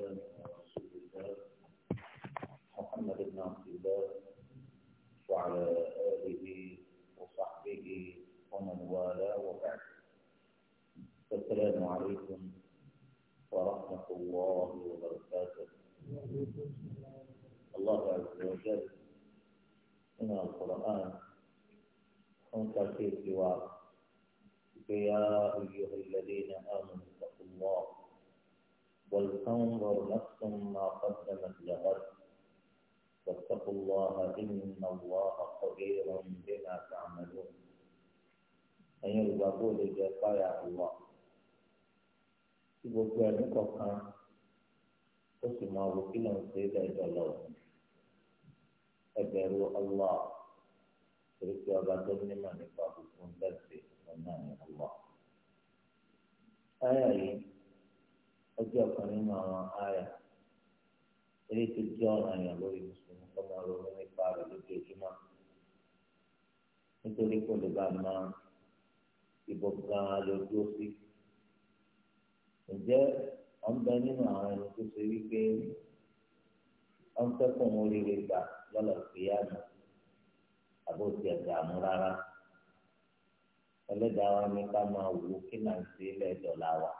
السلام عليكم ورحمة الله وبركاته الله عز وجل من القرآن انت في سواه يا أيها الذين آمنوا ولتنظر نفس ما قدمت لغد واتقوا الله إن الله خبير بما تعملون ẹ̀yin olùgbàgbọ́ lè jẹ́ báyà wà tí gbogbo ẹ̀mí kọ̀ọ̀kan ó sì máa wò kí lóun ṣe lẹ́jọ́ lọ ẹgbẹ̀rún ọlọ́ torí pé ọba tó nímọ̀ nípa gbogbo ń bẹ̀sẹ̀ ọ̀nà ni ọlọ́. ẹ̀yà yìí. ọjọ́ ọ̀kan nínú àwọn àyà eré tó jẹ́ ọ̀ràn àyà lórí mùsùlùmí kọ́ máa ronú nípa rẹ̀ lójoojúmọ́ nítorí kò lè bá máa ìbò gan-an ló dúró sí. ǹjẹ́ ọ̀n bẹ nínú àwọn ẹni tó ṣe wípé ọ̀n fẹ́ kó wọn oríire gbà lọ́lọ́ ìgbéyàwó àbó ti ẹ̀dá mú rárá ẹlẹ́dàá wa ní ká máa wò ó kí náà ń ṣe ilé la wà.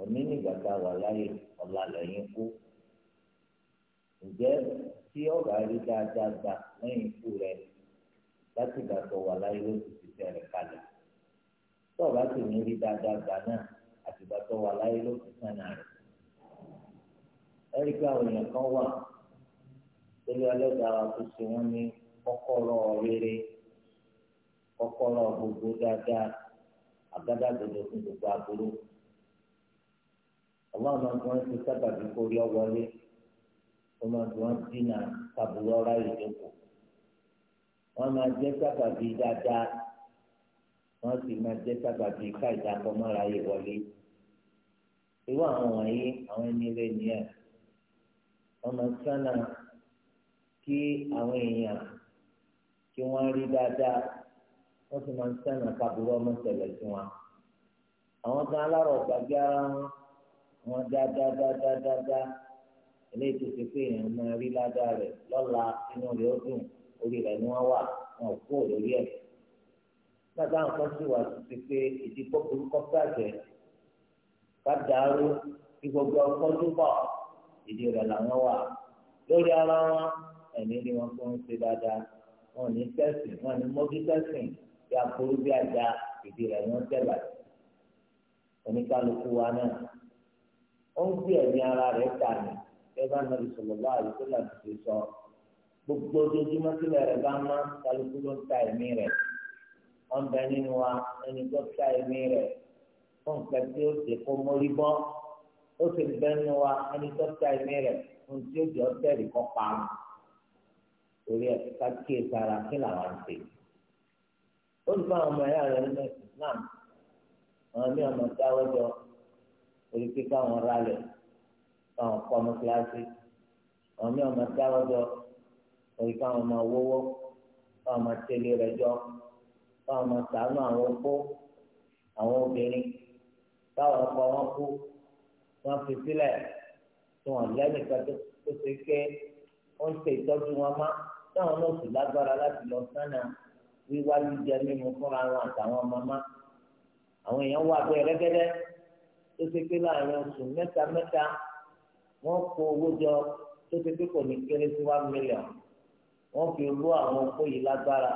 òní nígbà tá a wà láyè ọ̀la lẹ́yìn kú ǹjẹ́ tí ọ̀gá rí dáadáa gbà lẹ́yìn ikú rẹ láti tó wà láyé ló ti ti tẹ̀rẹ̀ kalẹ̀ ọ̀gá sì ní rí wà láyé ló ti sàn náà rẹ̀ ẹ̀rí pé àwọn èèyàn kan wà lórí ọlọ́dàá tó ṣe wọ́n ní kọ́kọ́rọ́ rere gbogbo dáadáa àgádágodo fún gbogbo aburú. ọlọ́run máa ń tí wọ́n ti sábà bí kó rí ọwọ́lé ó máa tí wọ́n dínà kábùrú ọ̀rá ìjókòó wọ́n máa jẹ́ sábà bí dáadáa wọ́n sì máa jẹ́ sábà bí káìdá kọ́mọ́ra yìí wọlé irú àwọn wọ̀nyí àwọn ẹni rẹ̀ nìyẹn wọ́n máa sánà kí àwọn èèyàn kí wọ́n rí dáadáa wọ́n sì máa sánà kábùrú ọmọ ṣẹlẹ̀ sí wọn àwọn kan alárò gbàgbé ara wọn wọn dáadáadáadáa eléyìí tó ṣe pé èèyàn máa rí ládàá rẹ̀ lọ́la inú rẹ̀ ó dùn orí rẹ̀ ni wọ́n wà wọn kú lórí ẹ̀. Gbàgbá nǹkan sì wà tó ṣe pé ìdíkọ́ burúkọ bàjẹ́ ká dàrú kí gbogbo ọkọ túbọ̀ ìdí rẹ̀ làwọn wà lórí ara wọn ẹ̀mí ni wọn fún un ṣe dáadáa wọn ní tẹ̀sìn wọn ní mọ́jú tẹ̀sìn bí aburú bí ajá ìdí rẹ̀ wọ́n tẹ̀lá oníkálukú wa náà ó ń gbé ẹ̀mí ara rẹ̀ dànù ẹgbẹ́ anabi sọ̀rọ̀ bá àlùkò láti fi sọ gbogbo ojoojúmọ́ sílẹ̀ rẹ̀ bá má kálukú ló ń ta ẹ̀mí rẹ̀ wọ́n bẹ nínú wa ẹni tó ta ẹ̀mí rẹ̀ fún nǹkan tí ó ti kó mórí bọ́ ó sì bẹ nínú wa ẹni tó ta ẹ̀mí rẹ̀ fún tí ó jẹ́ ọ́tẹ́ẹ̀lì kọ́ pa á torí ẹ̀ ká kíyè sára kí làwọn ṣe olùkọ́ àwọn ọmọ ẹ̀yà rẹ̀ nínú ìsìlámù àwọn mí ọmọ dáwọ́jọ́ orí pé káwọn ralẹ̀ káwọn kọ́ ọmọ kíláàsì àwọn mí ọmọ dáwọ́jọ orí káwọn máa wọ́wọ́ káwọn máa tẹ́lẹ̀ rẹ̀ jọ káwọn máa sàánú àwọn opó àwọn obìnrin káwọn ọkọ wọn kú wọn fi sílẹ̀ tí wọn lẹ́nìkan tó ṣe pé wọ́n ń ṣe ìtọ́jú wọn má táwọn náà sì lágbára láti lọ sánà wíwá jíjẹ mímu fúnra wọn àtàwọn ọmọ má àwọn èèyàn wà bẹ́ẹ̀ rẹ́gẹ́dẹ́ tó ṣe pé láàrin oṣù mẹ́ta mẹ́ta wọ́n kó owó jọ tó ṣe pé kò ní kéré sí one million wọ́n fi rú àwọn okó yìí lágbára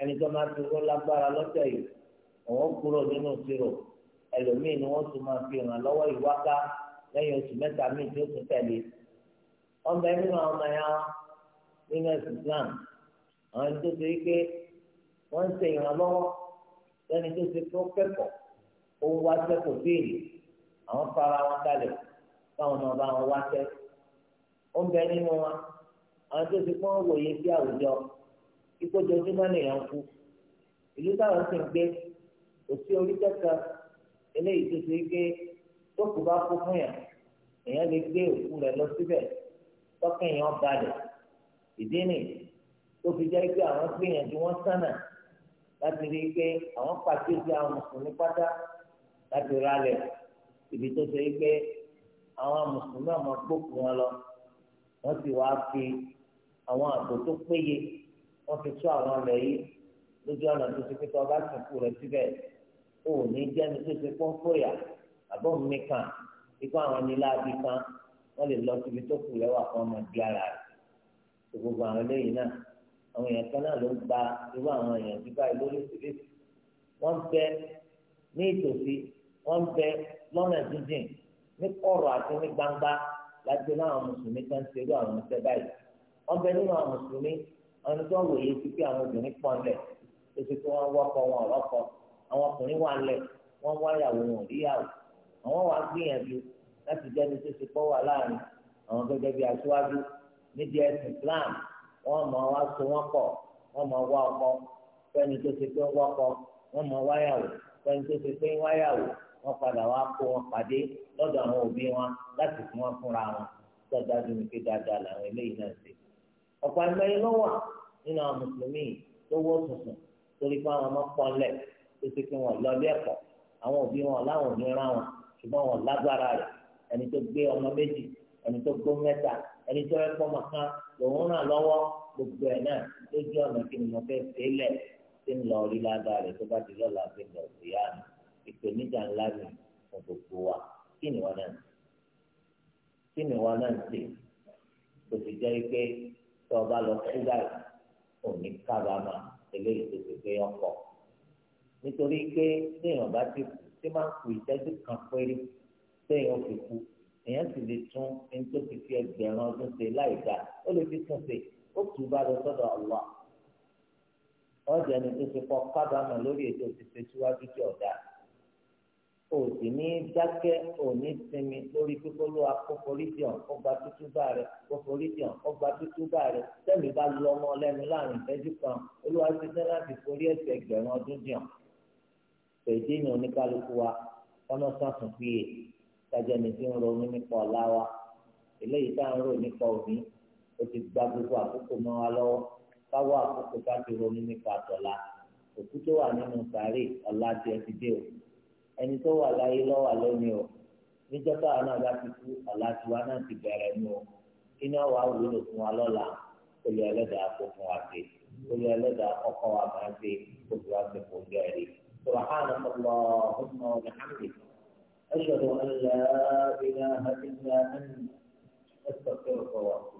ẹni tó máa fi rú lágbára lọ́tẹ̀ yìí wọ́n kúrò nínú ìṣirò ẹlòmíì ni wọ́n tún máa fi ràn lọ́wọ́ ìwáká lẹ́yìn oṣù mẹ́ta míì tó tún tẹ̀lé ọmọ ẹni náà ọmọ ya nínú ẹ̀sìn Islam àwọn ẹni tó ṣe wípé wọ́n ń ṣe ìrànlọ́wọ́ lẹ́ni tó ṣe tó kẹ́kọ̀ọ́ o ń wáṣẹ́ kò béèrè àwọn fara wọn kalẹ̀ káwọn náà bá wọn wáṣẹ́ ó ń bẹ nínú wa àwọn tó ti pọ́n wòye sí àwùjọ ìkójọjúmọ́ nìyẹn kú ìlú táwọn sì ń gbé kò sí orí kẹta eléyìí tó ti gbé tó bá kú fún yàn èèyàn lè gbé òkú rẹ̀ lọ síbẹ̀ tọ́kẹ́ yẹn ìdí láti ralẹ̀ ibi tó ṣe pé àwọn mùsùlùmí àwọn gbókùn wọn lọ wọ́n sì wá fi àwọn àbò tó péye wọ́n fi tú àwọn ọmọ yìí lójú ọ̀nà tó ṣe pé tí wọ́n bá sìnkú rẹ̀ síbẹ̀ ó ní jẹ́ni tó ṣe pọ́n fòyà àbọ̀ mi kàn ikú àwọn níláàbí kan wọ́n lè lọ síbi tó kù lẹ́wà fún ọmọ ìdí ara rẹ̀ gbogbo àwọn eléyìí náà àwọn èèyàn kan náà ló ń gba irú àwọn èèyàn bíbá ìlú lóṣèlú wọ́n bẹ ní ìtòsí wọ́n bẹ lọ́nà dídìn ní kọ̀rọ̀ àti ní gbangba láti náà mùsùlùmí tó ń àwọn báyìí wọ́n bẹ nínú àwọn mùsùlùmí ni tó ń wòye sí pé àwọn obìnrin pọ̀ wọn wọ́pọ̀ wọn ọ̀rọ̀pọ̀ àwọn ọkùnrin wà lẹ̀ wáyàwó wọn ríyàwó àwọn gbìyànjú láti ní sísè wà láàrin àwọn gẹ́gẹ́ wọ́n padà wá kó wọn pàdé lọ́dọ̀ àwọn òbí wọn láti fún wọn fúnra wọn tó dájú ní pé dáadáa làwọn eléyìí náà ṣe. ọ̀pọ̀ àgbáyé ló wà nínú àwọn mùsùlùmí tó wọ́ tuntun torí pé àwọn ọmọ pọ́nlẹ̀ tó ṣe pé wọ́n lọ lẹ́kọ̀ọ́ àwọn òbí wọn láwọn ò ní ra wọn ṣùgbọ́n wọn lágbára rẹ̀ ẹni tó gbé ọmọ méjì ẹni tó gbó mẹ́ta ẹni tó ẹ̀kọ́ mọ̀kan lòun ràn lọ́wọ́ gbogbo ẹ̀ náà lójú ọ̀nà kí ni mo fẹ́ sílẹ̀ tí ń lọ rí lágbára rẹ̀ tó bá ti lọ́la fi lọ sí yára ìpèníjà ńlá mi fún gbogbo wa kí ni wọn náà ń kí ni wọn náà ń ṣe kò sì jẹ́ pé tó o bá lọ kú báyìí ò ní kábàámà eléyìí tó ti gbé ọkọ̀ nítorí pé téèyàn bá ti kú tí máa kú ìtẹ́jú kan péré téèyàn fi kú èèyàn sì lè tún ẹni tó ti fi ẹgbẹ̀rún ọdún ṣe láì dá ó lè fi tún ṣe ó tù bá lọ sọ́dọ̀ Allah ọ̀jẹ̀ ni tó ti kọ́ kábàámà lórí ètò ìṣèṣíwájú tí ọ̀dà o sì ní dákẹ́ o ní sinmi lórí pípọ́lú akóforíjìàn ọgbà tútù bá rẹ akóforíjìàn ọgbà tútù bá rẹ sẹ́mi bá lu ọmọ lẹ́nu láàrin ìtẹ́jú kan olúwa ti sẹ́ láti forí ẹ̀ṣẹ̀ ẹgbẹ̀rún ọdún jàn pèjì ní oníkálukú wa ọ̀nà sàtún fìyè kájẹ́ ni tí ń ronú nípa ọ̀la wa eléyìí tá à ń rò nípa òní o ti gba gbogbo àkókò mọ́ wa lọ́wọ́ káwọ́ àkókò ká ti ronú nípa àtọ̀la òkú tó wà nínú sàárè ọ̀la tiẹ̀ ti ẹni tó wà láyé lọ́wọ́ lónìí o níjọ́ tó àwọn àgbà ti kú ọ̀la tiwa náà ti bẹ̀rẹ̀ nù o kí ni ọ̀wà wúlò fún wa lọ́la olú ẹlẹ́dàá kó fún wa ṣe olú ẹlẹ́dàá kọ́kọ́ wa máa ṣe gbogbo wa ṣe kó jẹ́ rí سبحانك اللهم وبحمدك أشهد أن لا إله إلا أنت أستغفرك وأتوب